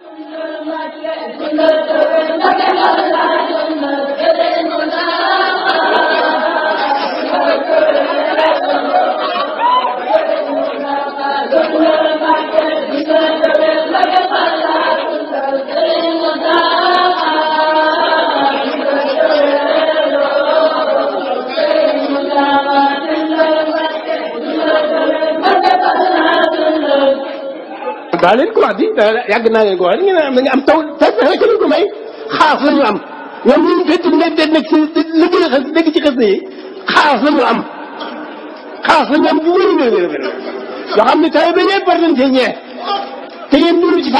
Sundar Matya, Sundar Sundar, Sundar Sundar. daa leen ko wax di yàgg naa leen ko wax ngeen am nañu am taw fekk rek ñu ko may xaas la ñu nekk a xas dégg ci xas yi xaas la ñu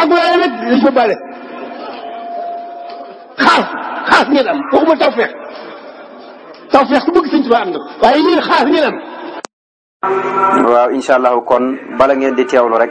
am ngeen bale xaas xaas ngeen am waxuma taw kon bala ngeen di teewlu rek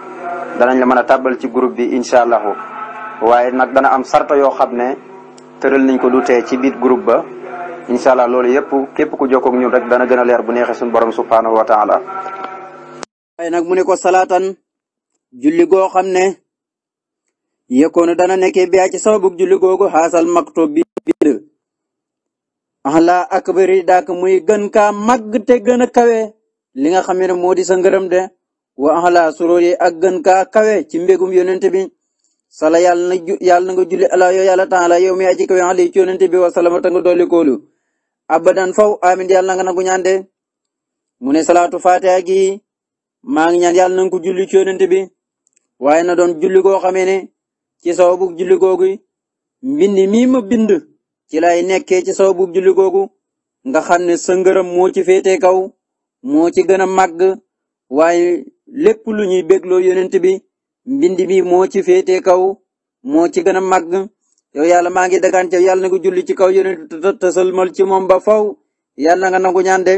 danañ la mën a tàbbal ci group bi incha allahu waaye nag dana am sarta yoo xam ne tëral nañ ko du tee ci biir group ba incha allah loolu yëpp képp ku jokkoog ñun rek dana gën a leer bu neexee suñu borom subhaanahu wa taala nag mu ne ko salaatan julli xam ne yëkkoonu dana nekkee bi ci sababu julli googu xaasal maktub bi biir ala akbari daak muy gën kaa màgg te gën kawe li nga xam ne moo di sa ngërëm de wa ala sururi ak gën kaa kawe ci mbégum yonent bi sala yàlla na ju yàlla na nga julli ala yoo yàlla taala yow mi aji kawe ali ci yonent bi wa salama ta nga dolli koolu abadan faw amin yàlla nga nangu ñaan de mu ne salaatu fatiha gi maa ngi na nga ko julli ci yonent bi waaye na doon julli goo xamee ne ci sababu julli ma bind ci lay nekkee ci sababu julli googu nga xam ne sa ngërëm moo ci féetee kaw moo ci gën a màgg lépp lu ñuy bégloo yonent bi mbind mi moo ci féetee kaw moo ci gën a màgg yow yàlla maa ngi dagaan ca yàlla na nga julli ci kaw yonent tasalmal ci moom ba faw yàlla na nga nangu ñaan de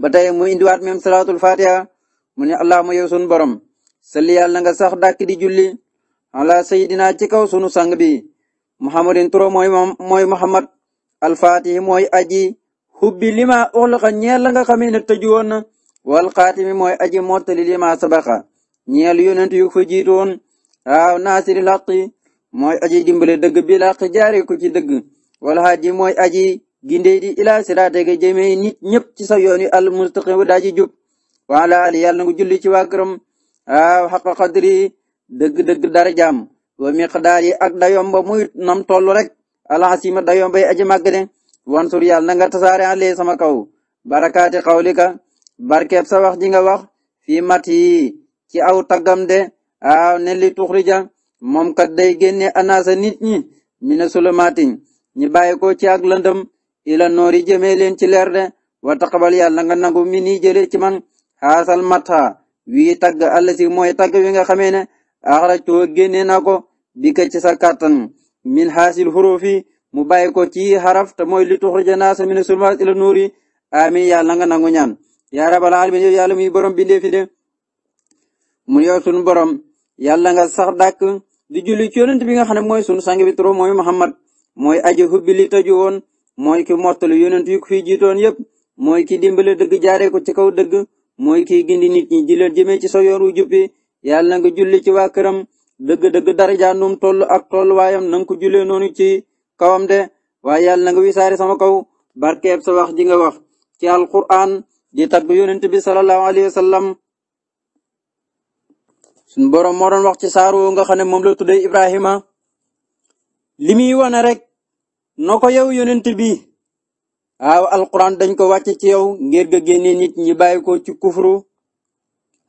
ba tey mu indiwaat même salaatul fatiha mu ne allahumma yow sunu borom salli yàlla nga sax dàkk di ala sayidina ci kaw sunu sang bi muhammadin turo mooy mooy muhammad aji hubbi lima uxlaqa ñeel la nga wal xaatimi mooy aji mottali li ma sabaxa ñeel yonent yu fa jiitoon waaw naasiri laqi mooy aji dimbale dëgg bi laq jaare ko ci dëgg wala haaji mooy aji gindee di ila siraate ga jëmee nit ñëpp ci sa yoon yi al mustaqim daa ji jub wala ali yàlla na julli ci waa këram waaw xaqa dëgg-dëgg dara jaam wa miqdaar ak dayomba muy nam toll rek alxasima dayomba yi aji màgg de wansur yàlla na nga tasaare alee sama kaw barakaati xawlika barkeeb sa wax ji nga wax fii mat yi ci aw taggam de aaw ne li tuxrija moom kat day génne anaasa nit ñi mina sulumaatin ñi bàyyi ko ci ak lëndëm ila noori jëmee leen ci leer de wa taqabal yàlla nga nangu mi nii jële ci man xaasal mata wii tagg àll si mooy tagg wi nga xamee ne axrajtoo génne naa ko bi ka ci sa kàttan min xaasil fi mu bàyyi ko ci xaraf te mooy li tuxrija naasa mina sulumaat ila noori amin yàlla nga nangu ñaan yaa rabal alamin yow yàlla muy borom bindee fi de mu yow sunu borom yàlla nga sax dàkk di julli ci yonent bi nga xam ne mooy sunu sang bi trop mooy Muhammad mooy aji hubbi li tëju woon mooy ki mottali yonent yu ko fi jiitoon yëpp mooy ki dimbale dëgg jaaree ko ci kaw dëgg mooy ki gindi nit ñi di leen jëmee ci sa yoon wu jubbi yàlla nga julli ci waa këram dëgg-dëgg daraja num toll ak tolluwaayam na nga ko jullee noonu ci kawam de waaye yàlla nga wisaare sama kaw barkeeb sa wax ji nga wax ci alquran di tagg yonent bi sallallahu alayhi wa sallam suñ boroom moo doon wax ci saaru nga xam ne moom la tuddee Ibrahima li wane rek no ko yow yonent bi waaw dañ ko wàcce ci yow ngir ga génne nit ñi bàyyi ko ci kufru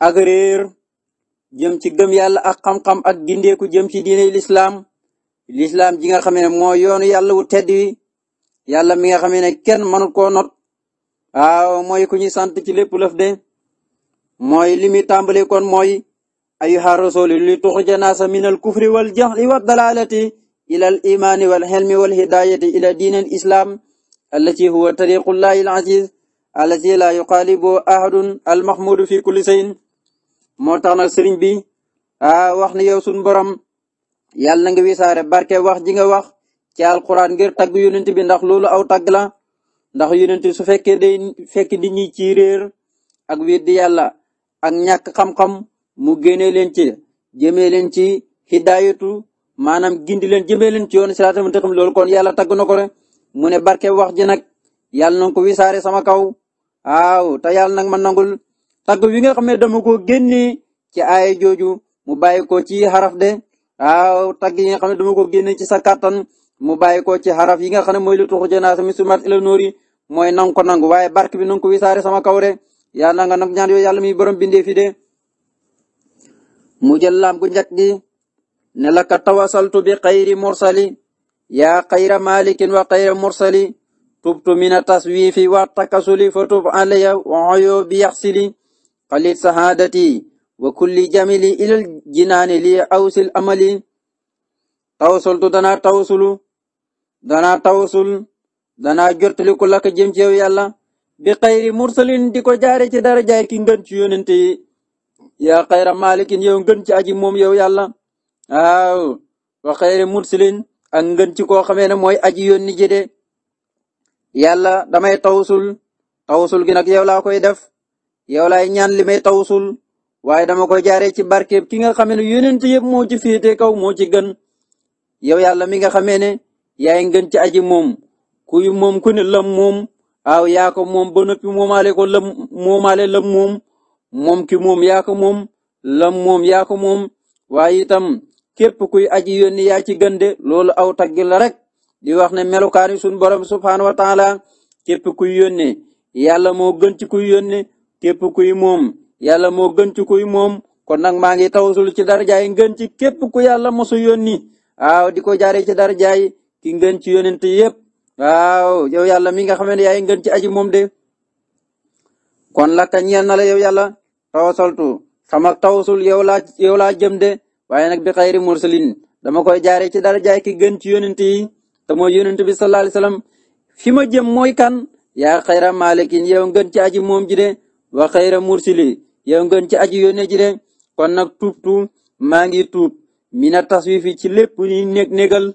ak réer jëm ci gëm yàlla ak xam-xam ak gindeeku jëm ci diine lislaam lislaam ji nga xam ne yoonu yàlla wu tedd wi yàlla mi nga xam ne kenn mënut koo not waaw mooy ku ñuy sant ci lépp lëf de mooy li muy tàmbali kon mooy ayyuha rasuli li tuxrija naasa min al wal jahli wa dalalati ila al wal xelmi wal hidayati ila diin al islam allati huwa tariqullahi al aziz allati la yuqalibu ahadun al fi kulli sayin moo tax nag sëriñ bi a wax na yow sun borom na nga wisaare barke wax ji nga wax ci alquran ngir tagg yonent bi ndax loolu aw tagg la ndax yonent su fekkee day fekk nit ñi ci réer ak weddi yàlla ak ñàkk xam-xam mu génnee leen ci jëmee leen ci hidaayatu maanaam gindi leen jëmee leen ci yoon siraatal mustaqim loolu kon yàlla tagg na ko rek mu ne barke wax ji nag yàlla na ko wisaare sama kaw waaw te yàlla nag ma nangul tagg wi nga xam ne dama ko génnee ci aaya jooju mu bàyyi ko ci xaraf de waaw tagg yi nga xam ne dama ko génnee ci sa kàttan mu bàyyi ko ci xaraf yi nga xam ne mooy lu tuxu janaasa mi sumat ila noori mooy nang ko nangu waaye barke bi nang ko wisaare sama kaw de yàlla nga nag ñaan yooyu mi borom bindee de mu laam gu njëkk ne la ka tawasaltu bi xayri yaa xayra malikin wa xayra mursali tubtu mina wa takasuli fa tub alaya wa oyo yaxsili xalit sahadati wa kulli jamili ilal jinaani li awsil amali tawasultu dana dana tawasul danaa jottaliku laka jëm ci yow yàlla bi xayri mursalin di ko jaare ci dara jaay ki ngën ci yónente yi yaa xayra maalikin yow ngën ci aji moom yow yàlla waaw wa xayri mursalin ak ngën ci koo xamee ne mooy aji yónni ji de yàlla damay tawsul tawsul gi nag yow laa koy def yow laay ñaan li may tawsul waaye dama koy jaaree ci barkeeb ki nga xamee ne yónent yëpp moo ci féete kaw moo ci gën yow yàlla mi nga xamee ne yaay ngën ci aji moom kuy moom ku ne lam moom aw yaa moom ba noppi moomaale ko lam moomaale lam moom moom ki moom yaa moom lam moom yaa moom waaye itam képp kuy aji yónni yaa ci gënde loolu aw tagg la rek di wax ne melukaani suñ borom subhaanahu wa taala képp kuy yónne yàlla moo gën ci kuy yónne képp kuy moom yàlla moo gën ci kuy moom kon nag maa ngi tawasul ci darajaay ngën ci képp ku yàlla mosu yónni waaw di ko jaare ci darajaay ki ngën ci yónent yépp waaw yow yàlla mi nga xam ne yaay ngeen ci aji moom de kon la ka ñeel na la yow yàlla tawasaltu sama tawasol yow laa yow laa jëm de waaye nag bi xayri mursalin dama koy jaare ci dara jaay ki gën ci yonent yi te mooy bi sallallahu alayhi wasallam fi ma jëm mooy kan yaa xayra malikin yow ngeen ci aji moom ji de wa xayra mursili yow ngeen ci aji yónne ji de kon nag tuub tuub maa ngi tuub mina taswifi ci lépp ni néeg néegal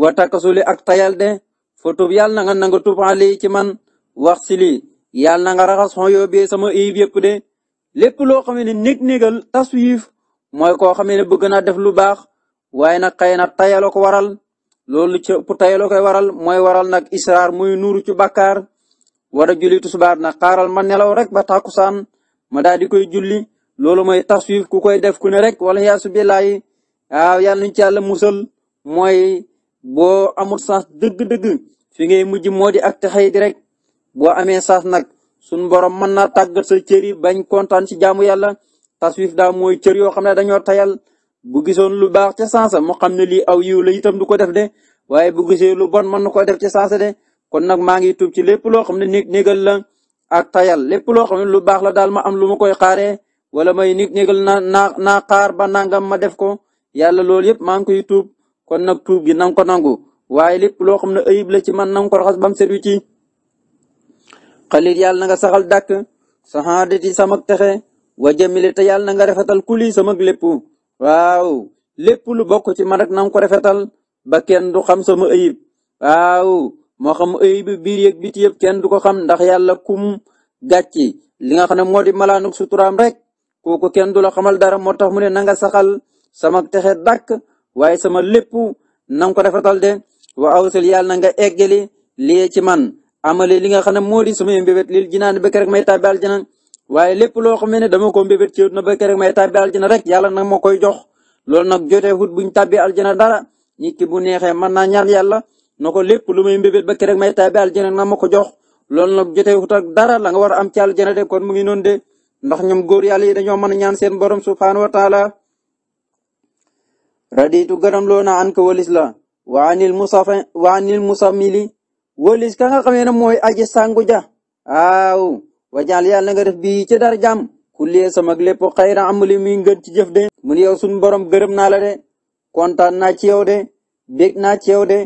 wa takasuli ak tayal de fotub yàlla na nga nanga tub a ci man wax si lii yàlla na nga raxas xon yoo bee sama ayib yëpp de lépp loo xam ne néeg-néegal taswiif mooy ko xam ne bëgg naa def lu baax waaye na xëy na tayaloo ko waral loolu ci ëpp tayaloo waral mooy waral nag israar muy nuuru ci bàkkaar war a julli tisbaar ma nelaw rek ba tàkkusaan ma daal di koy julli loolu mooy ku koy def ku ne rek wala yaasu billaahi waaw yàlla nañ ci musal mooy boo amul chance dëgg-dëgg fi ngay mujj moo di ak taxay di rek boo amee chance nag suñ borom mën naa tàggat sa cër bañ kontaan ci jaamu yàlla taswif daa mooy cër yoo xam ne dañoo tayal bu gisoon lu baax ca sansa mu xam ne lii aw yiw la itam du ko def de waaye bu gisee lu bon mën na ko def ci sansa de kon nag maa ngi tuub ci lépp loo xam ne ni négal la ak tayal lépp loo xam ne lu baax la daal ma am lu ma koy xaaree wala may nit négal naa naa naa xaar ba nangam ma def ko yàlla loolu yëpp maa ngi koy tuub kon nag tuub gi nang ko nangu waaye lépp loo xam ne ayib la ci man nang ko raxas bam setu ci xalit yàlla na nga saxal dàkk saxaadati samak texe wa jamile te yàlla na nga rafetal kuli samak lépp waaw lépp lu bokk ci man rek nang ko rafetal ba kenn du xam sama ayib waaw moo xam ayib biir yëg biti yëpp kenn du ko xam ndax yàlla kum gàcci li nga xam ne moo di malaanuk suturaam rek kooku kenn du la xamal dara moo tax mu ne nanga nga saxal samak texe dàkk waaye sama lépp na nga ko rafetal de wa awsal yàlla na nga eggali lii ci man amale li nga xam ne moo di samay mbébét lil jinaan ba kerek may tàbbi aljana waaye lépp loo xam ne dama ko mbébét ci na ba kerek may tàbbi aljana rek yàlla nag ma koy jox loolu nag jotee hut buñ tàbbi aljana dara nit ki bu neexee mën naa ñaan yàlla na ko lépp lu may mbébét ba kerek may tàbbi aljana na ma ko jox loolu nag jotee hut ak dara la nga war a am ci aljana de kon mu ngi noonu de ndax ñoom góor yàlla yi dañoo mën a ñaan seen borom subhaanahu wa raditu gërëm loo an ko walis la wa anil musafa wa anil walis ka nga xamee mooy aji sangu ja aaw wajaal yàlla nga def bii ci dara jàmm kullee sama lépp xayra amali mi ngën ci jëf de mun yow suñ borom gërëm naa la de kontaan naa ci yow de bég naa ci yow de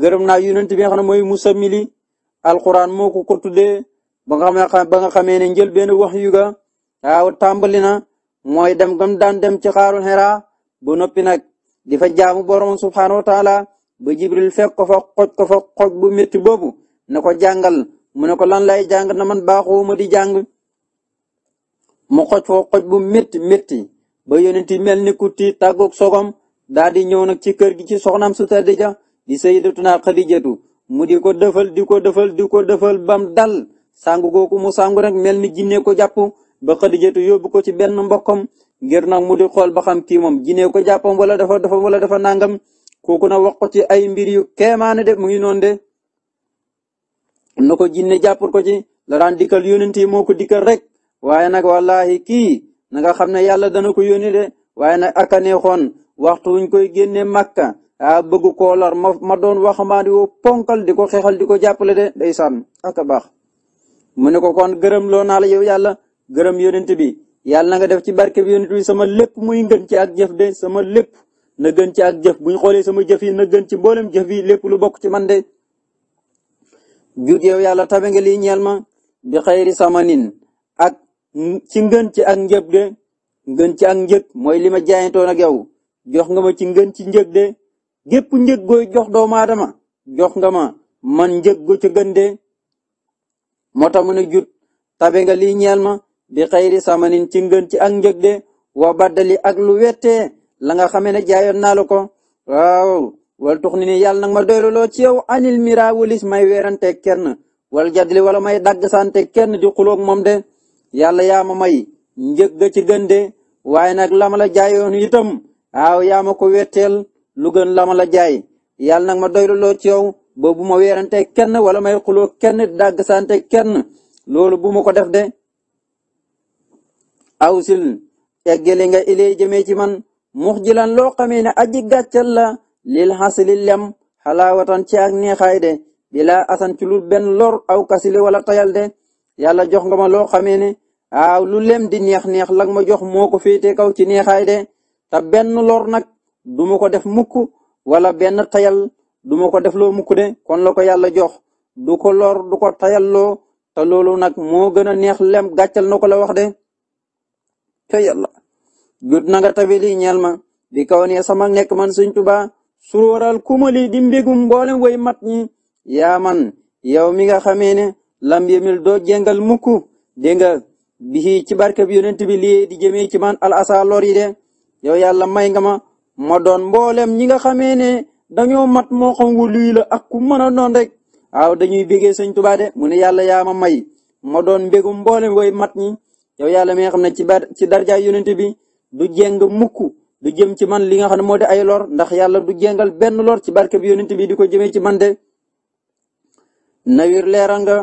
gërëm naa yonent bi nga xam ne mooy musamili alquran moo ko ko ba nga xam ba nga xamee ne njël wax yu ga waaw tàmbali na mooy dem gam daan dem ci xaarul xera ba noppi nag di fa jamu borom subhaanahu wa taala ba jibril fekk ko fa xoj ko fa xoj bu métti boobu na ko jàngal mu ne ko lan lay jàng na man baaxoo ma di jàng mu xoj foo xoj bu métti métti ba yonent yi mel ni ku tiit tàggoog sogom daal di ñëw nag ci kër gi ci soxnaam su tedd ja di sayyidatuna mu di ko defal di ko defal di ko defal bam dal sangu googu mu sangu rek mel ni jinne ko jàpp ba xadijatu yóbbu ko ci benn mbokkam ngir nag mu di xool ba xam kii moom jinee ko jàppam wala dafa dafa wala dafa nangam kooku na wax ko ci ay mbir yu keemaane de mu ngi noonu de na ko jinne jàppul ko ci la daan dikkal yónent yi moo ko dikkal rek waaye nag wallahi kii na nga xam ne yàlla dana ko yónni de waaye nag aka neexoon waxtu wuñ koy génne màkka a ah, bëgg koo lor ma ma doon wax maa di woo ponkal di ko xeexal di ko jàppale de ndeysaan aka baax mu ne ko kon gërëm loo naa yow yàlla gërëm yónent bi yàlla na nga def ci barke bi yonent bi sama lépp muy ngën ci ak jëf de sama lépp na gën ci ak jëf bu ñu xoolee sama jëf na gën ci mboolem jëf yi lépp lu bokk ci man de. jug yow yàlla tabe nga lii ñeel ma bi xayri samanin ak ci ngën ci ak njëg de ngën ci ak njëg mooy li ma jaayantoon ak yow jox nga ma ci ngën ci njëg de gépp njëg gooy jox doomu aadama jox nga ma man njëg go ca gën de moo tax mu ne jut tabe nga lii ñeel ma. di xayri samanin ci ngën ak njëg de wa baddali ak lu wettee la nga xamee ne jaayoon naa la ko waaw wal tux ni yàlla nag ma doyluloo ci yow anil may weerante kenn wal jadli wala may dagg sante kenn di xuloog moom de yàlla yaa ma may njëg ga ci gën de waaye nag lama la jaayoon itam waaw yaa ma ko wetteel lu gën lama la jaay yàlla nag ma doyluloo ci yow boobu ma weerante kenn wala may xuloo kenn dagg sante kenn loolu bu ma ko def de awsil eggale nga ilay jëmee ci man mux jilan loo xamee ne aji gàccal la lil xasili lem watan ci ak neexaay de bila asan ci lu benn loor aw kasili wala tayal de yàlla jox nga ma loo xamee ne aaw lu lem di neex-neex lag ma jox moo ko féete kaw ci neexaay de te benn loor nag duma ko def mukk wala benn tayal duma ko def loo mukk de kon la ko yàlla jox du ko lor du ko tayal loo te loolu nag moo gën a neex lem gàccal na ko la wax de ca yàlla jut na nga tabili ñeel ma bi kaw ne sama nekk man sëñ tuba suróoral kumali di mbégum mboolem way mat ñi yaa man yow mi nga xamee ne lam yemil doo jéngal mukk dégg nga ci barke bi yonent bi lii di jëmee ci man al asa lor de yow yàlla may nga ma ma doon mboolem ñi nga xamee ne dañoo mat moo xam wu luy la ak ku mën a doon rek waaw dañuy bégee sëñ tuba de mu ne yàlla yaa ma may ma doon mbégum mboolem way mat ñi yow yàlla mi nga xam ne ci bar ci darja yonent bi du jéng mukk du jëm ci man li nga xam ne moo di ay lor ndax yàlla du jengal benn lor ci barke bi bi di ko jëmee ci man de nawir leeral nga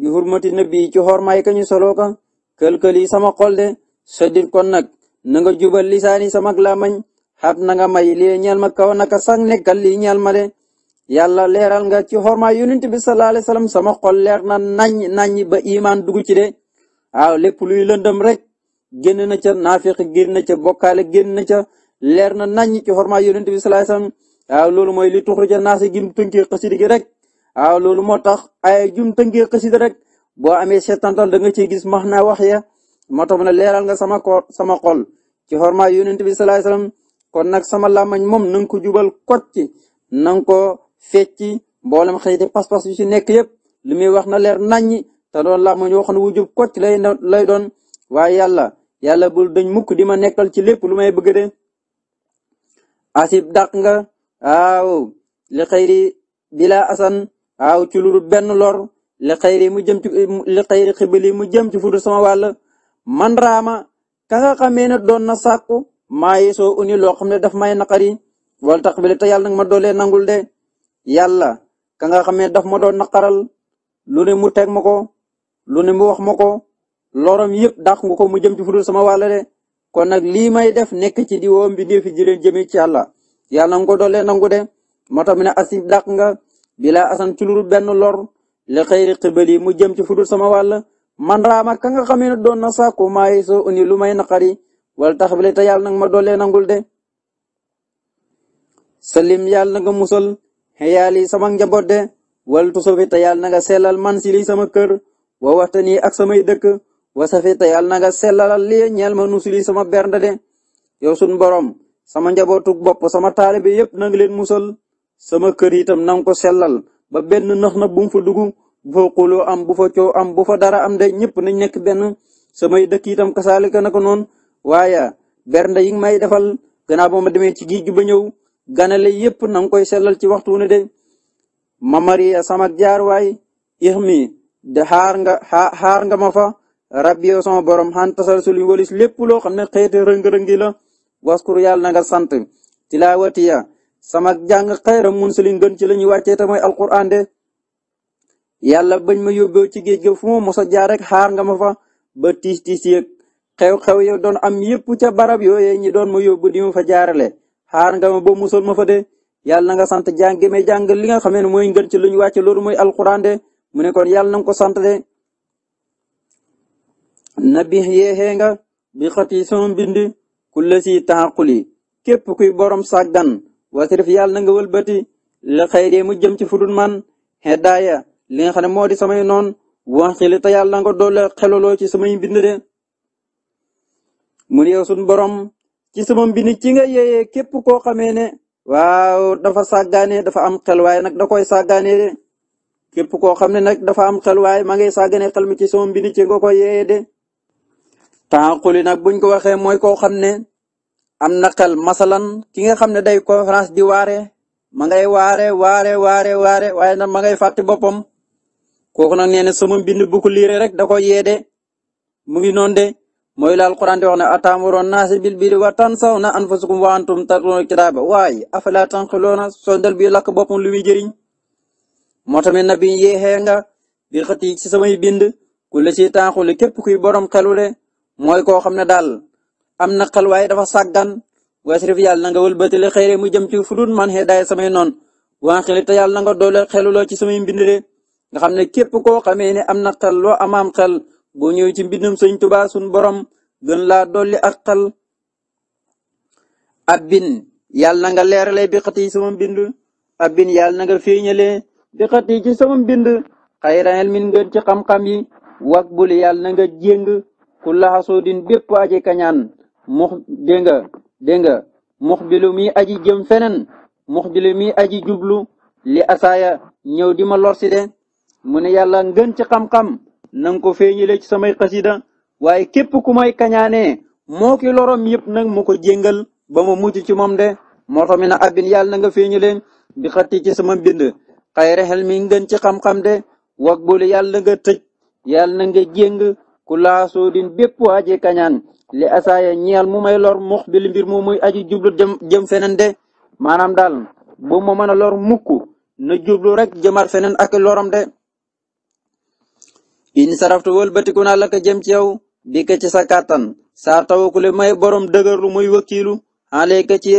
bi hurmati nabi ci xormaay ka ñu soloo ka këlkëli sama xol de soddit kon nag na nga jubal lisaani sama lamañ xat na nga may li ñeel ma kaw naka sax nekkal lii ñeel ma de yàlla leeral nga ci xormaay yonent bi sallallahu sama xol leer na nañ nañ ba iman dugg ci de waaw lépp luy lëndëm rek génn na ca naafiq génn na ca bokkaale génn na ca leer na naññ ci xormaa yonent bi salaay salaam waaw loolu mooy li tuxrija naasi gim tënkee xasida gi rek waaw loolu moo tax ay jum tënkee xasida rek boo amee seetantal da nga ciy gis max naa wax ya moo tax mu ne leeral nga sama ko sama xol ci xormaa yonent bi salaay salaam kon nag sama làmmañ moom na ko jubal kocc na nga ko fecci mboolem xëyti pas-pas yu ci nekk yëpp li muy wax na leer naññi te doon làmmiñ wax ne wu jub kocc lay lay doon waaye yàlla yàlla bul dañ mukk di ma nekkal ci lépp lu may bëgg de asib dàq nga waaw li xëyri bila asan waaw ci lu benn lor li xëyri mu jëm ci li xëyri xibali mu jëm ci fudu sama wàll man raama ka nga xamee ne doon na sàkku maa yi uni loo xam ne daf may naqari wal tax bi te yàlla nag ma doolee nangul de yàlla ka nga xamee daf ma doon naqaral lu ne mu teg ma ko lu ne mu wax ma ko lorom yëpp dàq nga ko mu jëm ci fudul sama wàll de kon nag lii may def nekk ci di woo mbindeef yi di leen jëmee ci yàlla yàlla nga ko doole nangu de moo tax mu ne asib dàq nga bilaa asan ci lu benn lor le xëyri xibal yi mu jëm ci fudul sama wàll man ma ka nga xamee ne doon na sàkku maay uni lu may naqari wala tax bi te yàlla nag ma doole nangul de salim yàlla nga musal xeyaali sama njaboot de wal tusofi te yàlla nga sellal man si sama kër woo waxta nii ak samay dëkk wasafi te yàlla na nga sellalal lii ñeel ma nusuli sama bernde de yow sun borom sama njabootu bopp sama taalibe yëpp nang leen musal sama kër itam nang ko sellal ba benn nax na bu mu fa dugg bu fa xuloo am bu fa coow am bu fa dara am de ñëpp nañ nekk benn samay dëkk itam kasaalika naka noonu waaye bernde yi may defal gannaaw ba ma demee ci géej gi ba ñëw ganale yëpp nang koy sellal ci waxtu wu ne de ma mariya sama jaar waay ixmi de xaar nga xaar nga ma fa rabbi yow sama borom xan tasal walis lépp loo xam ne xeet rëng-rëngi la waskur yàlla na nga sant tilaawatiya sama jàng xayra mun siliñ gën ci la ñuy wàccee te mooy alquran de yàlla bañ ma yóbboo ci géej ga fu ma mos a jaar rek xaar nga ma fa ba tiis tiis yëg xew yo doon am yépp ca barab yooyee ñi doon ma yóbbu di ma fa jaarale xaar nga ma ba musal ma fa de yàlla na nga sant jàng may jàng li nga xamee ne mooy ngën ci lu ñu wàcce loolu mooy alquran de mu ne kon yàlla nanga ko sant de nabi yeexee nga bi xati sama mbind ku la si taxaquli képp kuy borom sàggan wa yàlla na nga walbati la xayre mu jëm ci fudul man xeddaaya li nga xam ne moo di samay noon wax xili te yàlla nga doole xelaloo ci samay mbind de mu ne yow suñ borom ci sama mbind ci nga yeeyee képp koo xamee ne waaw dafa sàggaane dafa am xel waaye nag da koy sàggaane képp koo xam ne nag dafa am xel waaye ma ngay sàggane xel mi ci sama ci nga ko yee de tànquli nag buñ ko waxee mooy koo xam ne am na xel masalan ki nga xam ne day conférence di waare ma ngay waare waare waare waare waaye nag ma ngay fàtte boppam kooku nag nee na sama mbind bu ko rek da ko yee de mu ngi noonu de mooy laal Alxuraan di wax ne ataamuruuna naasa bil birri wa tansawna anfusakum wa antum bi lakk boppam lu muy jëriñ moo tamit na biñ yéexee nga bi xët ci samay bind ku la ci taaxule képp kuy borom xelu le mooy koo xam ne daal am na xel waaye dafa sàggan wasrif yàlla na nga wëlbatale xëyre mu jëm ci fudut man xedaay samay noonu waa xel te yàlla na nga xeluloo ci samay mbind nga xam ne képp koo xamee ne am na xel loo amaam xel boo ñëw ci mbindum sëñ Tuubaa sun borom gën laa dolli ak xel abbin yàlla na nga leerale bi xët yi sama mbind abbin yàlla na bi xat ci sama mbind xayrael min ngeen ci xam-xam yi wak bul yàlla na nga jéng ku laxasoo din bépp aji kañaan mux dégg nga dégg nga mux bilu mi aji jëm feneen mux bilu mi aji jublu li asaaya ñëw di ma lor si de mu ne yàlla ngeen ci xam-xam na ko feeñile ci samay xasida waaye képp ku may kañaane moo ki lorom yëpp nag mu ko jéngal ba ma mucc ci moom de moo tax mi na abin yàlla na nga feeñile bi xatti ci sama mbind xayre xel mi ngeen ci xam-xam de wag bul yàlla nga tëj yàlla na nga jéng ku laasoo din bépp aji kañaan li asaaya ñeel mu may lor mux bi mu muy aji jublu jëm jëm de maanaam daal bu ma a lor mukk na jublu rek jëmaat feneen ak loram de in saraftu wëlbatiku naa la jëm ci yow bi ka ci sa kàttan saar may borom dëgërlu muy wakiilu alee ka ci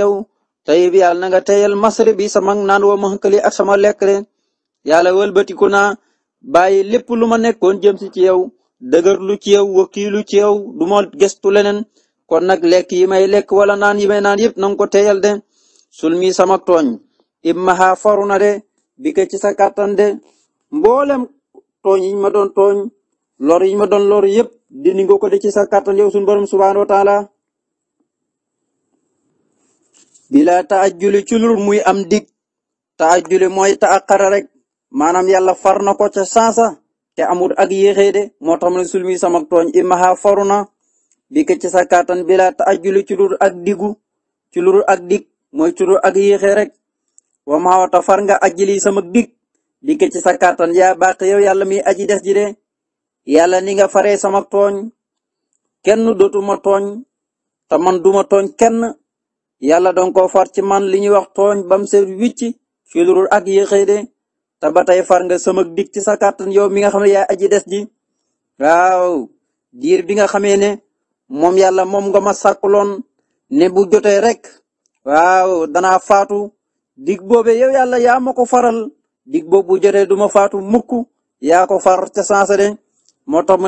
tey bi yàlla na nga teyal masre bi sama naan wa ma xëkkali ak sama lekk rek yàlla wëlbatiku naa bàyyi lépp lu ma nekkoon jëm si ci yow dëgër lu ci yow wakiilu ci yow du ma gestu leneen kon nag lekk yi may lekk wala naan yi may naan yëpp na nga ko teyal de sulmi sama tooñ immaha faru na de ci sa kàttan mboolem tooñ yiñ ma doon tooñ lor yiñ ma doon lor yëpp dindi nga ko de ci sa kàttan yow suñu taala bila taajuli ci lul muy am dig taajuli mooy taaqara rek maanaam yàlla far na ko ca saasa te amul ak yéexee de moo tax mu ne sulmi sama tooñ imaha faru na bi ci sa kàttan bila taajuli ci lul ak digu ci lul ak dig mooy ci lul ak yéexee rek wa ma wata far nga ajjili sama dig bi ci sa kàttan yaa baax yow yàlla mi aji des ji de yàlla ni nga faree sama tooñ kenn dootuma tooñ te man tooñ kenn yàlla dong ko far ci man li ñuy wax tooñ bam seet wicci fi lu dul ak yéexee de te ba tey far nga sama dig ci sa kàttan yow mi nga xam ne yaay aji des ji waaw diir bi nga xamee ne moom yàlla moom nga ma sàkkuloon ne bu jotee rek waaw danaa faatu dig boobe yow yàlla yaa ma ko faral dig boobu bu du ma faatu mukk yaa ko far ca sansa de moo tax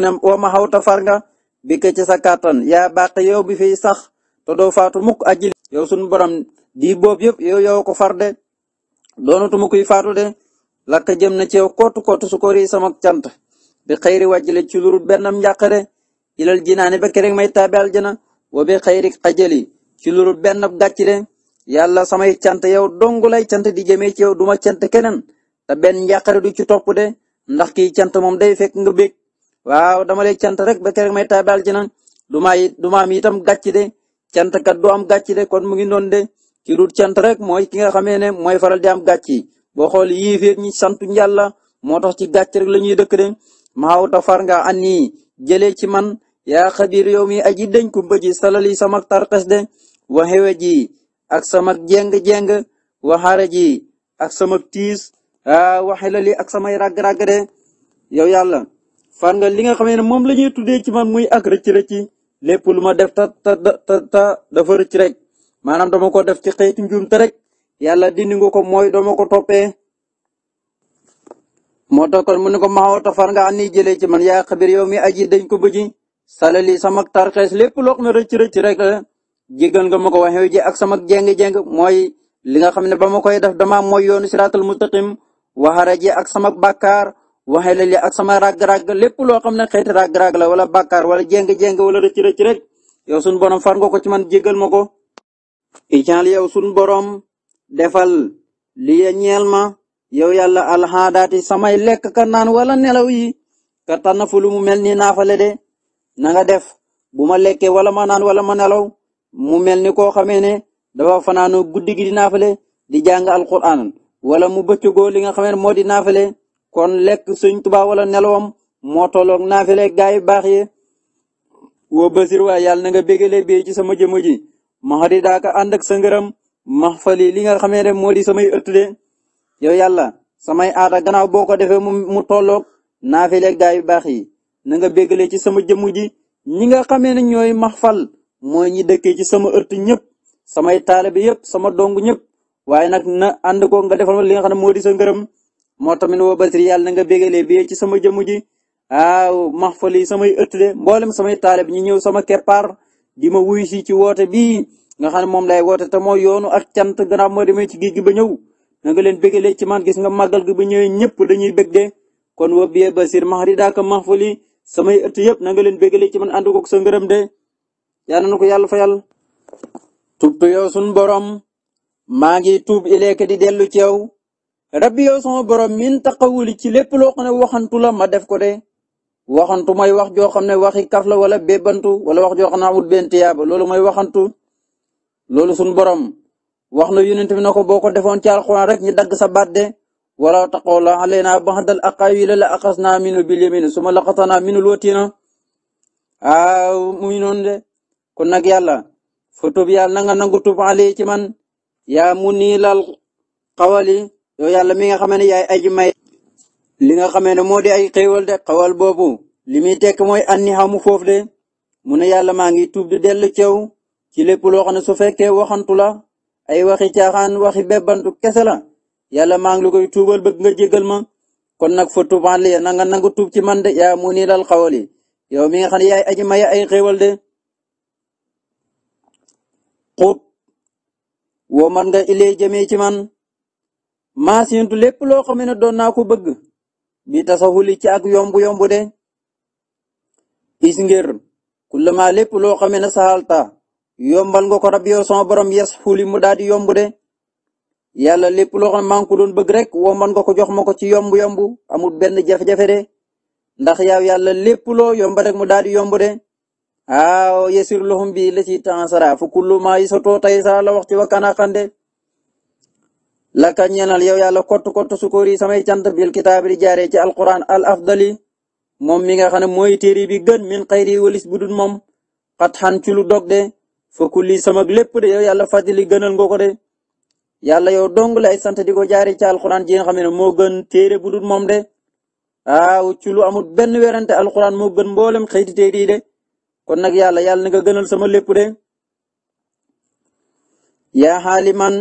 xawta far nga ci sa kàttan yaa bàq yow sax te doo faatu mukk ajjil yow sunu borom di boobu yëpp yow yow ko far de doonatuma kuy faatu de lakk jëm na ci yow kot kootu su ko sama cant bi xayri wàjjale ci lurut bennam njàqare ilal jinaani ba kerek may taabe aljana wa bi xayri ci lurut benn gàcc yàlla samay cant yow dong lay cant di jëmee ci yow duma cant keneen te benn njàqare du ci topp de ndax kii cant moom day fekk nga bég waaw dama lay cant rek ba kerek may taabe aljana du ma it du ma itam gàcc de cant kat du am gàcc de kon mu ngi de ki dul rek mooy ki nga xamee ne mooy faral di am gàcc boo xool yéeféer ñi santu yàlla moo tax ci gàcc rek la ñuy dëkk de maaw ta far nga an nii jëlee ci man yaa xabiir yow mi aji deñ ku bëji salali samak tarxes de wa xewe ji ak samak jeng-jeng wa xare ji ak samak tiis wa xelali ak samay rag ràgg de yow yàlla far li nga xamee ne moom la ñuy man muy ak rëcc-rëcc lépp lu ma def ta ta ta ta dafa rëcc rek maanaam dama ko def ci xeeti njuumte rek yàlla dindi nga ko mooy dama ko toppee. moo tax kon mu ne ko maxoo tafar nga àndi jëlee ci man ya xabir yow mi aji dañ ko bëji salali sama tarxees lépp loo xam ne rëcc rek la nga ma ko waxee ak sama jéng-jéng mooy li nga xam ne ba ma koy def dama mooy yoonu siraatal mustaqim waxara ji ak sama bàkkaar waxee la li ak sama ràgg-ràgg lépp loo xam ne xeeti ràgg la wala bàkkaar wala jéng-jéng wala rëcc rëcc rek yow sunu borom far nga ko ci man jéggal ma ko. icaal yow sunu borom defal li ñeel ma yow yàlla alxaadaati samay lekk ka naan wala nelaw yi ka tànn fu lu mu mel ni naafale de na nga def bu ma lekkee wala ma naan wala ma nelaw mu mel ni koo xamee ne dafa fanaanoo guddi gi di naafale di jàng alquran wala mu bëccëgoo li nga xamee ne moo di naafale. kon lekk sëñ Tuubaa wala nelawam moo tolloog naafile gaa yi baax yi woo basir waa yàlla na nga bégalee bee ci sama jëmm ji max di daaka ànd ak sa ngërëm max fali li nga xamee ne moo di samay ëtt yow yàlla samay aada gannaaw boo ko defee mu mu tolloog naafile gaa yu baax yi na nga bégalee ci sama jëmm ji ñi nga xamee ne ñooy maxfal mooy ñi dëkkee ci sama ëtt ñëpp samay taalibe yëpp sama dong ñëpp waaye nag na ànd ko nga defal ma li nga xam ne moo di sa ngërëm moo tax min woo basir yàlla na nga bégalee bi ci sama jëmm ji waaw maxfali samay ëtt de mboolem samay taalib ñi ñëw sama keppaar di ma wuy si ci woote bii nga xam ne moom lay woote te moo yoonu ak cant gannaaw moo demee ci géej gi ba ñëw na nga leen bégalee ci man gis nga màggal gi ba ñëwee ñëpp dañuy bég de kon woo biyee basir max di daaka samay ëtt yëpp na nga leen bégalee ci man ànd koog sa ngërëm de yaa na ko yàlla fayal tubtu yow borom maa ngi tuub ileeka di dellu ci yow rabbi yow sama borom min taqawuli ci lépp loo xam ne waxantu la ma def ko de waxantu mooy wax joo xam ne waxi kaf la wala bébantu wala wax joo xam ne amul benn tiyaaba loolu mooy waxantu loolu sunu borom wax na yonent bi na ko boo ko defoon ci alxuraan rek ñu dagg sa baat de wala taqawla alaynaa ba'dal aqaawili la aqasnaa minhu bil yamiini summa laqatanaa minhul watiina aaw muy noonu de kon nag yàlla fa tub yàlla na nga nangu tub alee ci man yaa mu niilal qawali yow yàlla mi nga xamee ne yaay aji may li nga xamee moo di ay xéewal de xawal boobu li muy tekk mooy anni xamu foofu de mu ne yàlla maa ngi tuub di dellu cew ci lépp loo xam ne su fekkee waxantu la ay waxi caaxaan waxi bebbantu kese la yàlla maa ngi lu koy tuubal bëgg nga jégal ma kon nag fa tuubaan li na nga nangu tuub ci man de nii lal xawal yi yow mi nga xam ne yaay aji may ay xéewal de xut woo man nga ilee jëmee ci man maa séentu lépp loo xam ne doon naa ko bëgg bi ci ak yombu yombu de is ngir kullama lépp loo xam ne saxalta yombal nga ko rab yow sama borom yes fuli mu daal di yomb de yàlla lépp loo xam maa ngi ko doon bëgg rek wombal nga ko jox ma ko ci yombu yombu amul benn jafe-jafe de ndax yaw yàlla lépp loo yomb rek mu daal di yomb de aaw yesir loxum bi la ci tansara fu kullu maa yi sa too tey sa la wax ci wakkaan laka ñeenal yow yàlla koto kott sukóor yi samay cant bil kitaabi jare jaaree ci alquran al afdali moom mi nga xam ne mooy téere bi gën min xayri walis bu dul moom xat xan ci lu dog de fokku lii sama lépp de yow yàlla fàttali gënal nga ko de yàlla yow dong lay sant di ko jaaree ci alquran ji nga xam ne moo gën téere bu dul moom de waaw ci lu amul benn werante alquran moo gën mboolem xëyti téere de kon nag yàlla yàlla na gënal sama lépp de yaa xaali man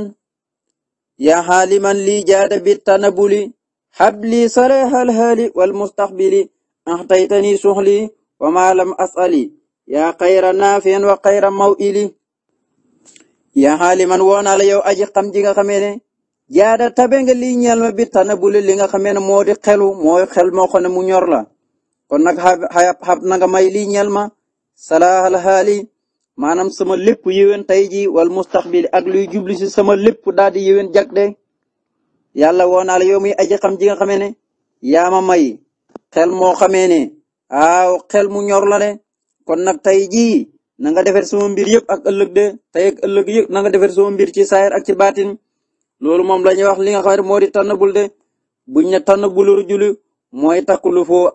يا حالما لي جاد بالتنبل حب لي صلاح الهال والمستقبل أعطيتني سهلي وما لم أسألي يا خير نافع وخير موئلي يا حالما وانا لا يو أجي قم جيغا خميني jaada tabe nga lii ñeel ma bi tana buli li nga xamee ne moo di xelu mooy xel moo mu ñor la kon nag xab xab na may lii ñeel ma salaaxal maanaam sama lépp yéwén tey jii wal mustaqbil ak luy jublu si sama lépp daal di yéwén jag de yàlla woo naa la yow muy aji xam ji nga xamee ne yaa ma may xel moo xamee ne aaw xel mu ñor la de kon nag tey jii na nga defar sama mbir yëpp ak ëllëg de tey ak ëllëg yëpp na nga defar sama mbir ci saayir ak ci baatin loolu moom la wax li nga xam ne moo di tànnabul de buñ ne tànnabul rujulu mooy takku lu foo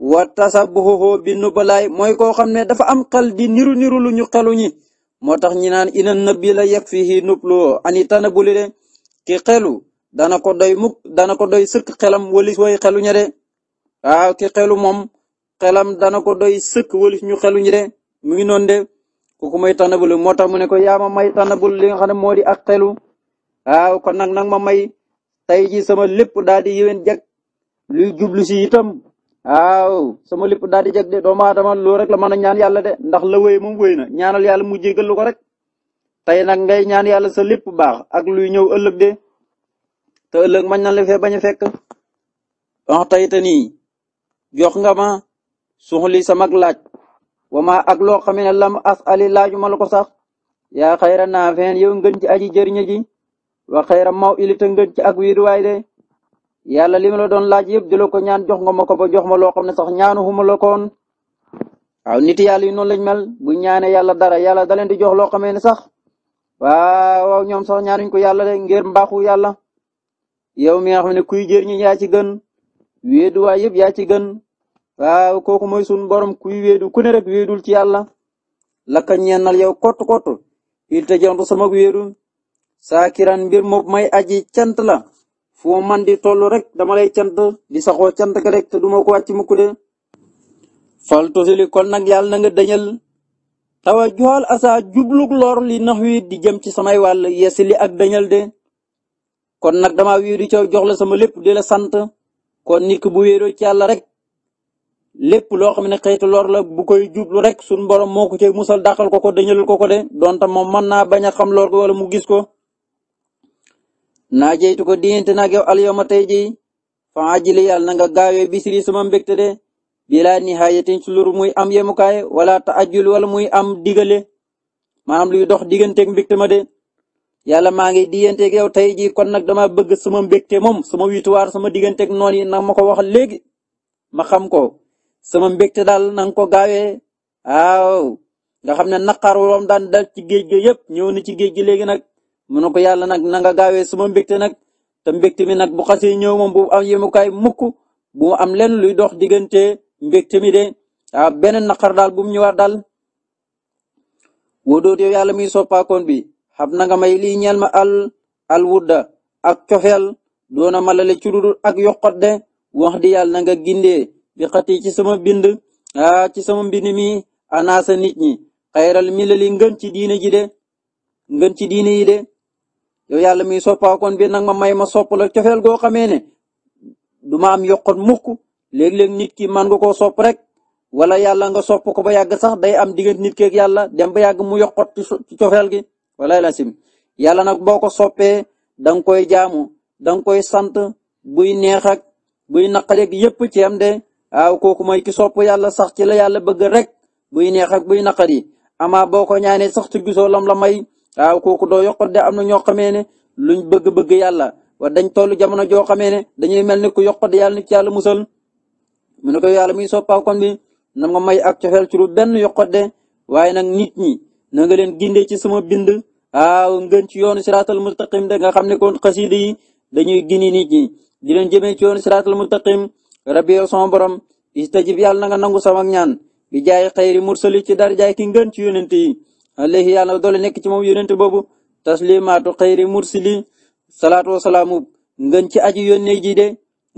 wa tasabbuhu bi nubalaay mooy koo xam ne dafa am xel di niru niru lu ñu xelu ñi moo tax ñi naan ina nabi la yeg fii nublu ani tanabuli de ki xelu dana ko doy mukk dana ko doy sëkk xelam walis way xelu ña de ki xelu moom xelam dana ko doy sëkk walis ñu xelu ñi de mu ngi noonu de kooku may tanabul moo tax mu ne ko yaa ma may tanabul li nga xam ne moo di ak xelu waaw kon nag nag ma may tey ji sama lépp daal di yéwén jag luy jublu waaw sama lipp daal di jag de doomu aadama loo rek la mën a ñaan yàlla de ndax la wéy moom wéy na ñaanal yàlla mu jégal ko rek tey nag ngay ñaan yàlla sa lépp baax ak luy ñëw ëllëg de te ëllëg mañ na la fee bañ a fekk wax tey te nii nga ma suxli sama laaj wama ak loo xam ne lam as ali laaju ma la ko sax yaa xayra naafeen yow ngën ci aji jëriñ ji wa xayra maw ili te ngën ci ak wiiruwaay de yàlla li ma doon laaj yëpp di ko ñaan jox nga ma ko ba jox ma loo xam ne sax ñaanu xuma la koon waaw nit yàlla yi noonu lañ mel bu ñaane yàlla dara yàlla da leen di jox loo xamee ne sax waaw waaw ñoom sax ñaanuñ ko yàlla le ngir mbaaxu yàlla yow mi nga xam kuy jëriñu yaa ci gën wéeduwaay yëpp yaa ci gën waaw mooy sun borom kuy wéedu ku ne rek wéedul ci yàlla laka ñeenal yow kot kot il te jontu sama wéedu saa mbir moom may aji cant foo man di toll rek dama lay cant di saxoo cant ka rek te duma ko wàcc mukk de fal kon nag yàlla na nga dañal tawa jool asa jublu lor li nax wi di jëm ci samay wàll yesili ak dañal de kon nag dama wéeru ci jox la sama lépp di la sant kon nit bu wéeroo ci yàlla rek lépp loo xam ne xeetu lor la bu koy jublu rek sun borom moo ko cay musal dàqal ko ko dañalul ko ko de donte moom mën naa bañ a xam lor ko wala mu gis ko naa jeytu ko diinte nag yow alyoma tey jii fa ajili yàlla na nga gaawee bisiri sama mbégte de bilaa nihaayatin ci lur muy am yemukaay wala ta ajjul wala muy am digale maanaam luy dox digganteeg mbégte ma de yàlla maa ngi diyanteeg yow tey jii kon nag dama bëgg sama mbégte moom sama wituwaar sama digganteeg noon yi nag ma ko wax léegi ma xam ko sama mbégte daal na ko gaawee waaw nga xam ne naqar woom dal ci géej gi yëpp ñëw na ci géej gi léegi nag mu ne ko yàlla nag na nga gaawee suma mbégte nag te mbégte mi nag bu xasee ñëw moom bu am yemukaay mukk bu am lenn luy dox diggante mbégte mi de ah beneen naqar daal bu mu ñëwaat daal. woo doot yow yàlla muy soppaakoon bi xam na nga may lii ñeel ma al al wudda ak cofeel doona malale ci lu ak yokkot de wax di yàlla na nga gindee bi xati ci sama mbind ah, ci sama mbind mi anaasa nit ñi xayral milali ngën ci diine ji de ngën ci yi de yow yàlla soppa kon bi nag ma may ma sopp la cofeel goo xamee ne am yokkoon mukk léeg-léeg nit ki man nga koo sopp rek wala yàlla nga sopp ko ba yàgg sax day am diggante nit kek ak yàlla dem ba yàgg mu yokkot ci cofeel gi wala la sim yàlla nag boo ko soppee da nga koy jaamu da nga koy sant buy neex ak buy naqare ak yëpp ci am de waaw kooku mooy ki sopp yàlla sax ci la yàlla bëgg rek buy neex ak buy naqari ama boo ko ñaanee sax ci gisoo lam la may. waaw kooku doo yokkut de am na ñoo xamee ne luñ bëgg-bëgg yàlla wa dañ toll jamono joo xamee ne dañuy mel ni ku yokkut yàlla ni ci yàlla musal mu ne ko yàlla muy soppaaw kon bi na nga may ak cofeel ci lu benn yokkut de waaye nag nit ñi na nga leen gindee ci sama bind waaw ngën ci yoonu siraatal mustaqim de nga xam ne kon xasida yi dañuy gindi nit ñi di leen jëmee ci yoonu siraatal mustaqim rabbi yow sama borom istajib yàlla na nga nangu sama ñaan bi jaay xayri mursali ci jaay ki ngeen ci yonent yi alayhi yàlla doole nekk ci moom yonent boobu taslimaatu xayri mursili salaatu wasalaamu ngën ci aji yónni ji de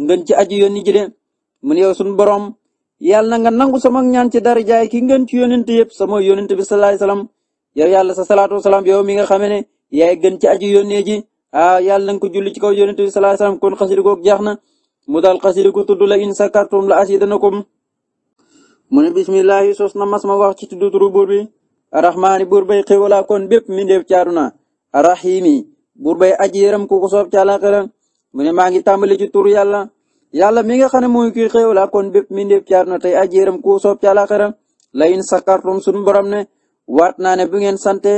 ngën ci aji yónni ji de mun yow suñu borom yal na nga nangu sama ñaan ci darajaay ki ngën ci yonent yëpp sama yonent bi salaay salaam yow yàlla sa salaatu wasalaam yow mi nga xamee ne yaay gën ci aji yónni ji ah yàlla na julli ci kaw yonent bi salaay salaam kon xasida googu jeex na mu daal xasida gu tudd la in sakartum la asidanakum mu ne bismillahi na mas ma wax ci tudd bi arrahmaani buur bay xéwalaa kon bépp mindeef caadu na arrahimi buur bay aji yërëm ku ko soob ca àllaaxira mu ne maa ngi tàmbali ci tur yàlla yàlla mi nga xam ne mooy kii xéwalaa kon bépp mindeef caadu na tey aji yërëm ku ko soob ca àllaaxira la in sakartum sunu borom ne waat naa ne bu ngeen sante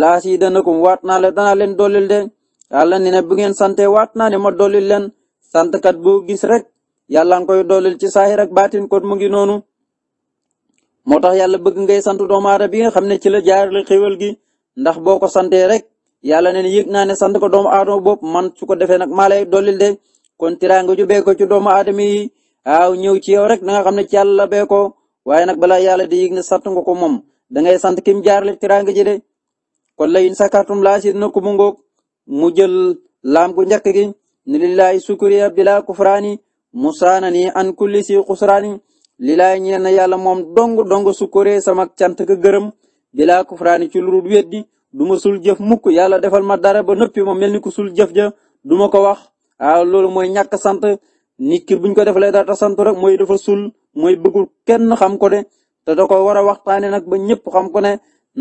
laa si dana ko waat naa la danaa leen dollil de yàlla ne ne bu ngeen sante waat naa ne ma dollil leen sant kat boo gis rek yàlla nga koy dollil ci saahir ak baatin kon mu ngi noonu. moo tax yàlla bëgg ngay sant doomu aadama bi nga xam ne ci la jaarale xéwal gi ndax boo ko santee rek yàlla ne yëg naa ne sant ko doomu aadama bopp man su ko defee nag maa lay dollil de kon tiraanga ju bee ko ci doomu aadama yi waaw ñëw ci yow rek da nga xam ne ci yàlla la bee ko waaye nag balaa yàlla di yëg ne sant nga ko moom da ngay sant kim jaarale tiraanga ji de kon la in sakartum laa si dina ko mu ngoog mu jël laam gu njëkk gi ni lillahi sukuriya bila kufraani musaanani an kulli si lilaay ñeel na yàlla moom dong dong su koree sama cant ka gërëm bilaa kufraani ci lu dul weddi du ma sul jëf mukk yàlla defal ma dara ba noppi ma mel ni ku sul jëf ja du ma ko wax a loolu mooy ñàkk sant nit ki buñ ko defalee dara sant rek mooy dafa sul mooy bëggul kenn xam ko de te da ko war a waxtaanee nag ba ñëpp xam ko ne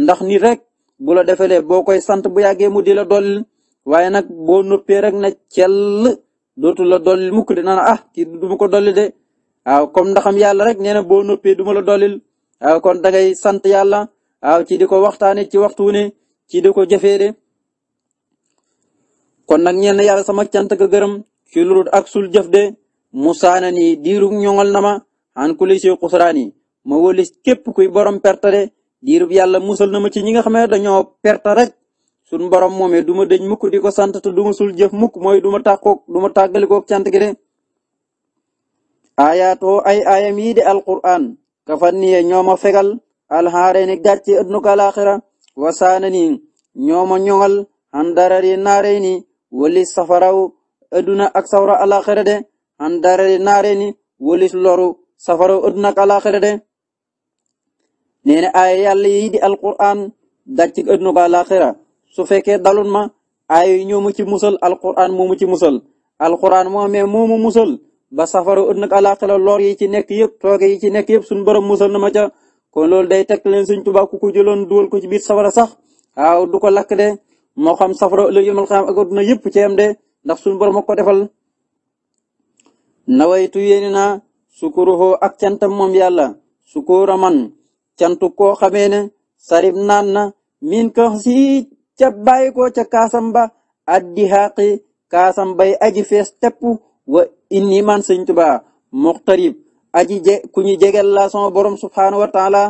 ndax ni rek bu la defalee boo koy sant bu yàggee mu di la dolli waaye nag boo noppee rek na cell dootu la dolli mukk de naan ah ki du ma ko dolli de. waaw comme ndaxam yàlla rek nee na boo noppee du la dollil waaw kon dangay sant yàlla waaw ci di ko waxtaanee ci waxtu wu ne ci di ko jëfee de kon nag ñeen yàlla sama cant ak gërëm ci lu ak sul jëf de musaana nii diirub ñoŋal na ma an ku li yi ma wëlis képp kuy borom perte de diirub yàlla musal na ma ci ñi nga xam ne dañoo perte rek sun borom moomee du ma dëñ mukk di ko sant du ma sul jëf mukk mooy du ma tàqoog du ma tàggalikoo cant gi de. ayaatoo ay ayam yii di alqur'aan kafanniye ñooma fegal alxaareeni gàcce adnuka alaxira wasaanani ñooma ñoŋal xandarari naareeni walis safaraw aduna ak sawra alaxira de xandarari naareeni walis loru safaraw aduna ak alaxira de nee na aaya yàlla yii di alqur'aan gàcce adnuka alaxira su fekkee dalun ma aaya musal alqur'aan moo ma musal alqur'aan moo amee moo musal ba safara ut nag alaaxira lor yi ci nekk yëpp tooge yi ci nekk yëpp suñu borom musal na ma ca kon loolu day teg leen suñ tubaab ku ko jëloon dugal ko ci biir safara sax waaw du ko lakk de moo xam safara ëllëg yëmal xam ak adduna yëpp ci am de ndax suñu borom ak ko defal nawaytu yéene naa sukuruhu ak cantam moom yàlla sukura man cantu ko xamee ne sarib naan na min ka si ca bàyyi ko ca kaasam ba addi xaaqi kaasam bay aji fees tepp wa inni man sëñ Tuubaa muqtarib aji je ku ñu jegel borom subhaanahu wa taala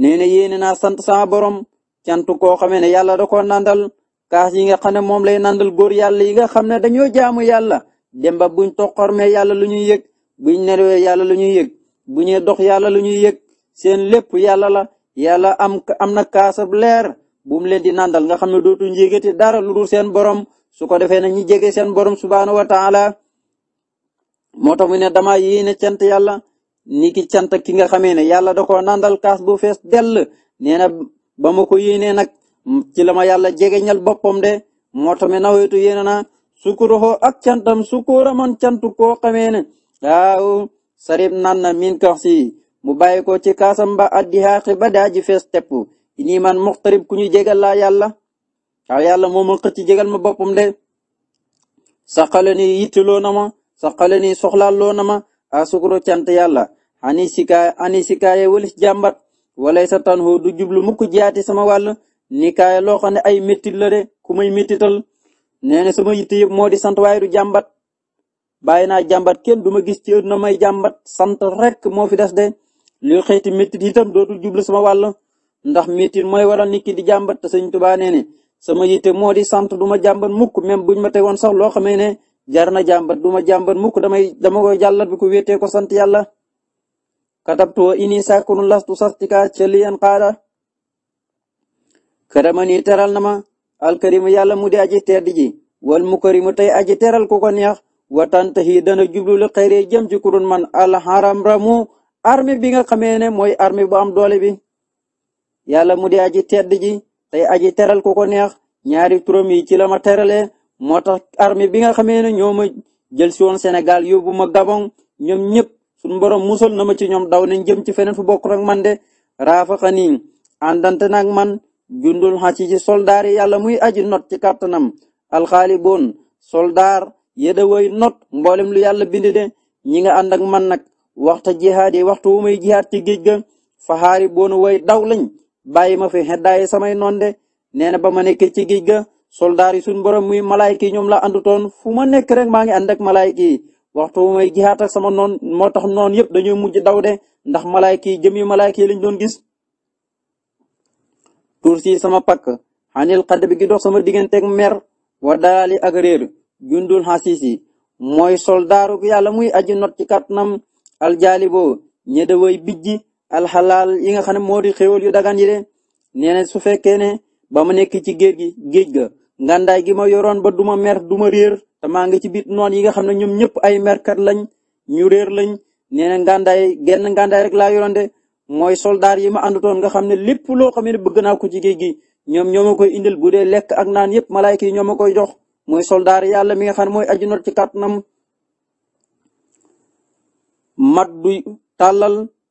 nee na yéene naa sant sama borom cant koo xamee ne yàlla da koo nandal kaas yi nga xam ne moom lay nandal góor yàlla yi nga xam ne dañoo jaamu yàlla dem ba buñ toqormee yàlla lu ñuy yëg buñ nerwee lu ñuy yëg bu ñuy dox yàlla lu ñuy yëg seen lépp yàlla la yàlla am am na kaasab leer bu mu leen nandal nga xam ne dootu yëgati dara lu dul borom su ko defee nag ñi jege seen borom subhaanahu wa taala moo tax mu ne dama yéene cant yàlla niki ki ki nga xamee ne yàlla da koo nandal kaas bu fees dell nee ba ma ko yéenee nag ci la ma yàlla jegeñal boppam de mooto me mi nawetu yéene na sukuruxo ak cantam sukura man cantu koo xamee ne waaw sarib naan na min kax si mu bàyyi ko ci kaasam ba addi xaaxi ba daaji fees tepp nii man muxtarib ku ñu jegal laa yàlla waaw yàlla moo ma xëcc jégal ma boppam de saqale ni yittiloo na ma saqale ni soxlaaloo na ma asukuro cant yàlla ani sikaay ani sikaaye walis jàmbat walay sa tan du jublu mukk jaati sama wàll ni kaay loo xam ne ay méttit la de ku may méttital nee na sama yitte yëpp moo di sant waaye du jàmbat bàyyi naa jàmbat kenn du ma gis ci na may jàmbat sant rek moo fi des de li xeeti méttit itam dootul jublu sama wàll ndax méttit mooy waral nit di jàmbat te sëñ sama yitte moo di sant du ma jàmbat mukk même buñ ma tegoon sax loo xamee ne jar na jàmbat du ma jàmbat mukk damay dama koy jàllat bi ko wéetee ko sant yàlla katabtu wa ini sakunu lastu sastika ca liyan xaada karama nii teral na ma alkarimu yàlla mu di aji tedd ji wal mukarimu tey aji teral ku ko neex watante yi dana jublu li xëyre jëm ci man alxaram ramu armée bi nga xamee ne mooy armée bu am doole bi yàlla mu di aji tedd ji tey aji teral ku ko neex ñaari turam yi ci la ma terale moo tax armée bi nga xamee ne ñoo ma jël si woon Sénégal yóbbu ma Gabon ñoom ñëpp suñu borom musal na ma ci ñoom daw nañ jëm ci feneen fu bokk ak man de raafa xaniin àndante nag man jundul xa ci soldaar yi yàlla muy aji not ci kàttanam alxaaliboon soldaar yéda way not mboolem lu yàlla bind de ñi nga ànd ak man nag waxta jihaad yi waxtu wu may jihaad ci géej ga faxaari boonu way daw lañ bàyyi ma fi xeddaay samay noon de nee na ba ma nekkee ci géej ga soldaar yi suñ borom muy malaayka yi ñoom la àndutoon fu ma nekk rek maa ngi ànd ak malaayka yi waxtu bu may ak sama noon moo tax noon yëpp dañuy mujj daw de ndax malaayka yi jëm yi malaayka yi lañ doon gis tuur si sama pak xanil xadd bi dox sama digganteeg mer wa daali ak réer jundul xasiisi mooy soldaaru yàlla muy aji not ci kàttanam aljaali boo ñe way bijji alxalaal yi nga xam ne moo di xéwal yu dagan yi de su fekkee ne ba ma nekk ci géej gi géej ga ngàndaay gi ma yoroon ba du duma mer duma réer te maa ngi ci biir noon yi nga xam ne ñoom ñëpp ay merkat lañ ñu réer lañ nee na gen genn ngàndaay rek laa yoroon de mooy soldaar yi ma àndutoon nga xam ne lépp loo xam ne bëgg naa ko ci géej gi ñoom ñoo ma koy indil bu dee lekk ak naan yëpp malaayka yi ñoo ma koy jox mooy soldaar yàlla mi nga xam ne mooy aju not ci kàttanam mat du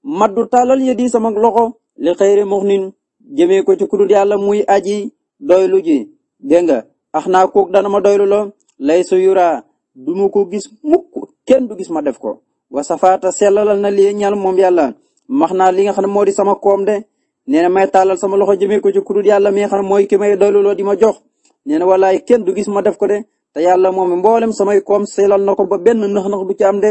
maddu taalal yëdi sama loxo li xëyri muxnin jëmee ko ci kudul yàlla muy aji doylu ji dégg nga ax naa kook dana ma doylu lo lay su yura du ma ko gis mukk kenn du gis ma def ko wa safaata sellalal na lii ñal moom yàlla max naa li nga xam ne moo di sama koom de nee na may taalal sama loxo jëmee ko ci kudul yàlla mi nga mooy ki may doylu loo di ma jox nee na walaay kenn du gis ma def ko de te yàlla moom mboolem samay koom sellal na ko ba benn nax-nax bu ci am de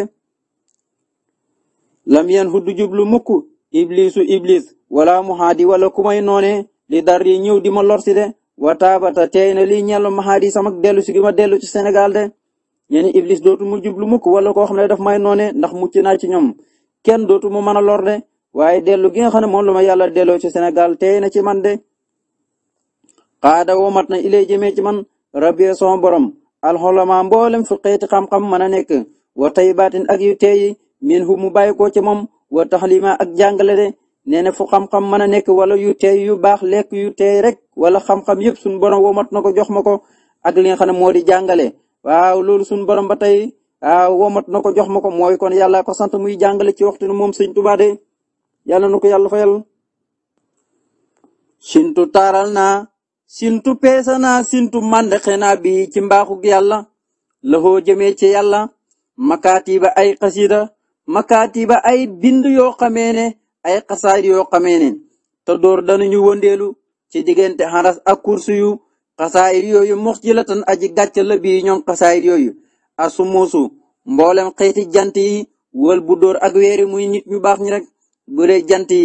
lam yanhud du jublu mukk iblisu iblis wala muhaadi wala ku may noone li dar yi ñëw di ma lor si de wa taabata tey na lii ñeel ma haadi sama dellu si gi ma dellu ci Sénégal de ñeeni iblis dootu mu jublu mukk wala koo xam ne daf may noone ndax mucc naa ci ñoom kenn dootu mu mën a lor de waaye dellu gi nga xam ne moom la ma yàlla delloo ci senegal tey na ci man de xaada woo mat na ilay jëmee ci man rabbi son borom alxolama mboolem fi xam-xam mën nekk wa taybatin ak minhu mu bàyyi ko ca moom wa taxlima ak jàngale de nee na fu xam-xam mën a nekk wala yu teey yu baax lekk yu teey rek wala xam-xam yëpp suñu borom womat na ko jox ma ko ak li nga xam ne moo di jàngale waaw loolu suñu borom ba tey waaw womat na ko jox ma ko mooy kon yàlla ko sant muy jàngale ci waxtu moom sëñ Tuubaa de yàlla na ko yàlla fayal. sintu taaral naa sintu peesa naa sintu màndexe naa bi ci mbaaxug yàlla loxoo jëmee ci yàlla makaatiba ay xasida makaatiba ay bind yoo xamee ne ay xasaayid yoo xamee ne te door danañu wëndeelu ci diggante xaras ak kursi yu xasaayid yooyu muxjilatan aji gàcce la bii ñoom xasaayid yooyu asumuusu mboolem xeeti jant yi wal bu door ak weeri muy nit ñu baax rek bu dee jant yi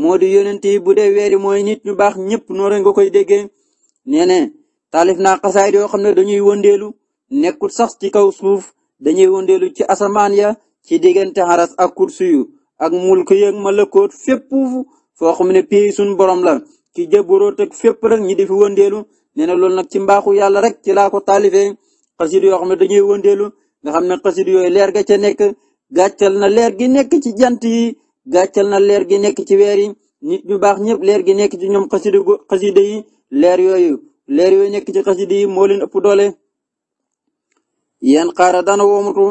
moo di yonent bu dee weeri mooy nit ñu baax ñëpp noore nga koy déggee nee ne taalif yoo xam ne dañuy wëndeelu nekkul sax ci kaw suuf dañuy wëndeelu ci asamaan ya ci diggante xaras ak kursi yu ak mulk yeeg malakoot fépp foo xam ne pii suñ borom la ki jëboroot ak fépp rek ñi di fi wëndeelu nene na nag ci mbaaxu yàlla rek ci laa ko taalifee xasid yoo xam ne dañuy wëndeelu nga xam ne xasid yooyu leer ga ca nekk gàccal na leer gi nekk ci jant yi gàccal na leer gi nekk ci weer yi nit ñu baax ñëpp leer gi nekk ci ñoom xasida xasida yi leer yooyu leer yooyu nekk ci xasida yi moo leen ëpp doole yéen xaara dana womatu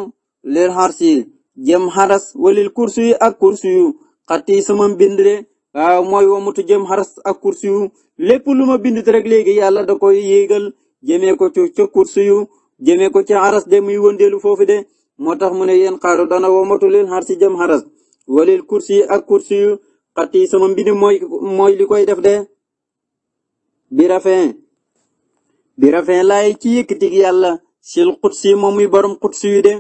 leer xarsi jëm xaras walil kursi yu ak kursi yu xatti sama bind de waaw mooy wamutu jëm xaras ak kursi yu lépp lu ma bind rek léegi yàlla da koy yéegal jëmee ko ci ca kursi yu jëmee ko ci xaras de muy wëndeelu foofu de moo tax mu ne yéen xaaru dana wamatu leen xar si jëm xaras walil kursi yu ak kursi yu xatti sama mbind mooy mooy li koy def de birafin lay laay ci yëkkatig yàlla sil xutsi moom muy borom xutsi yu de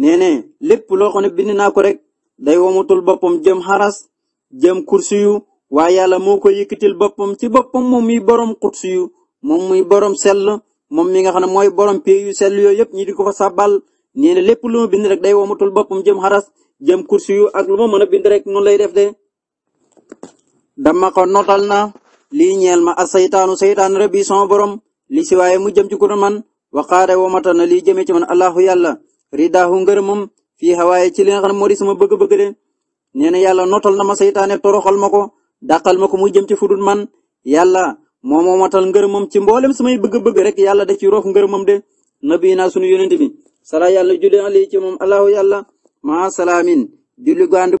nee ne lépp loo xam ne bind naa ko rek day womatul boppam jëm xaras jëm kursi yu waaye yàlla moo ko yëkkatil boppam ci boppam moom borom kursi yu moom muy borom sell moom mi nga xam ne mooy borom pay yu sell yooyu yëpp ñi di ko fa sàbbal nee ne lépp lu bind rek day womatul boppam jëm xaras jëm kursi yu ak lu ma mën a bind rek noonu lay def de. dama ko notal na lii ñeel ma as saytaanu saytaan rabbi sama borom li si waaye mu jëm ci kuréel man waxaare womata na lii jëmee ci man allahu yàlla. ridaahu ngërëmam fii xawaaye ci li nga xam ne moo di sama bëgg-bëgg de nee na yàlla notal na ma saytaane toroxal ma ko dàqal ma ko muy jëm ci fudul man yàlla moo moo matal ngërëmam ci mboolem samay bëgg-bëgg rek yala da ci roof ngërëmam de nabi naa sunu yonent bi sala yàlla julli alayhi ci moom allahu yàlla maa salaamin julli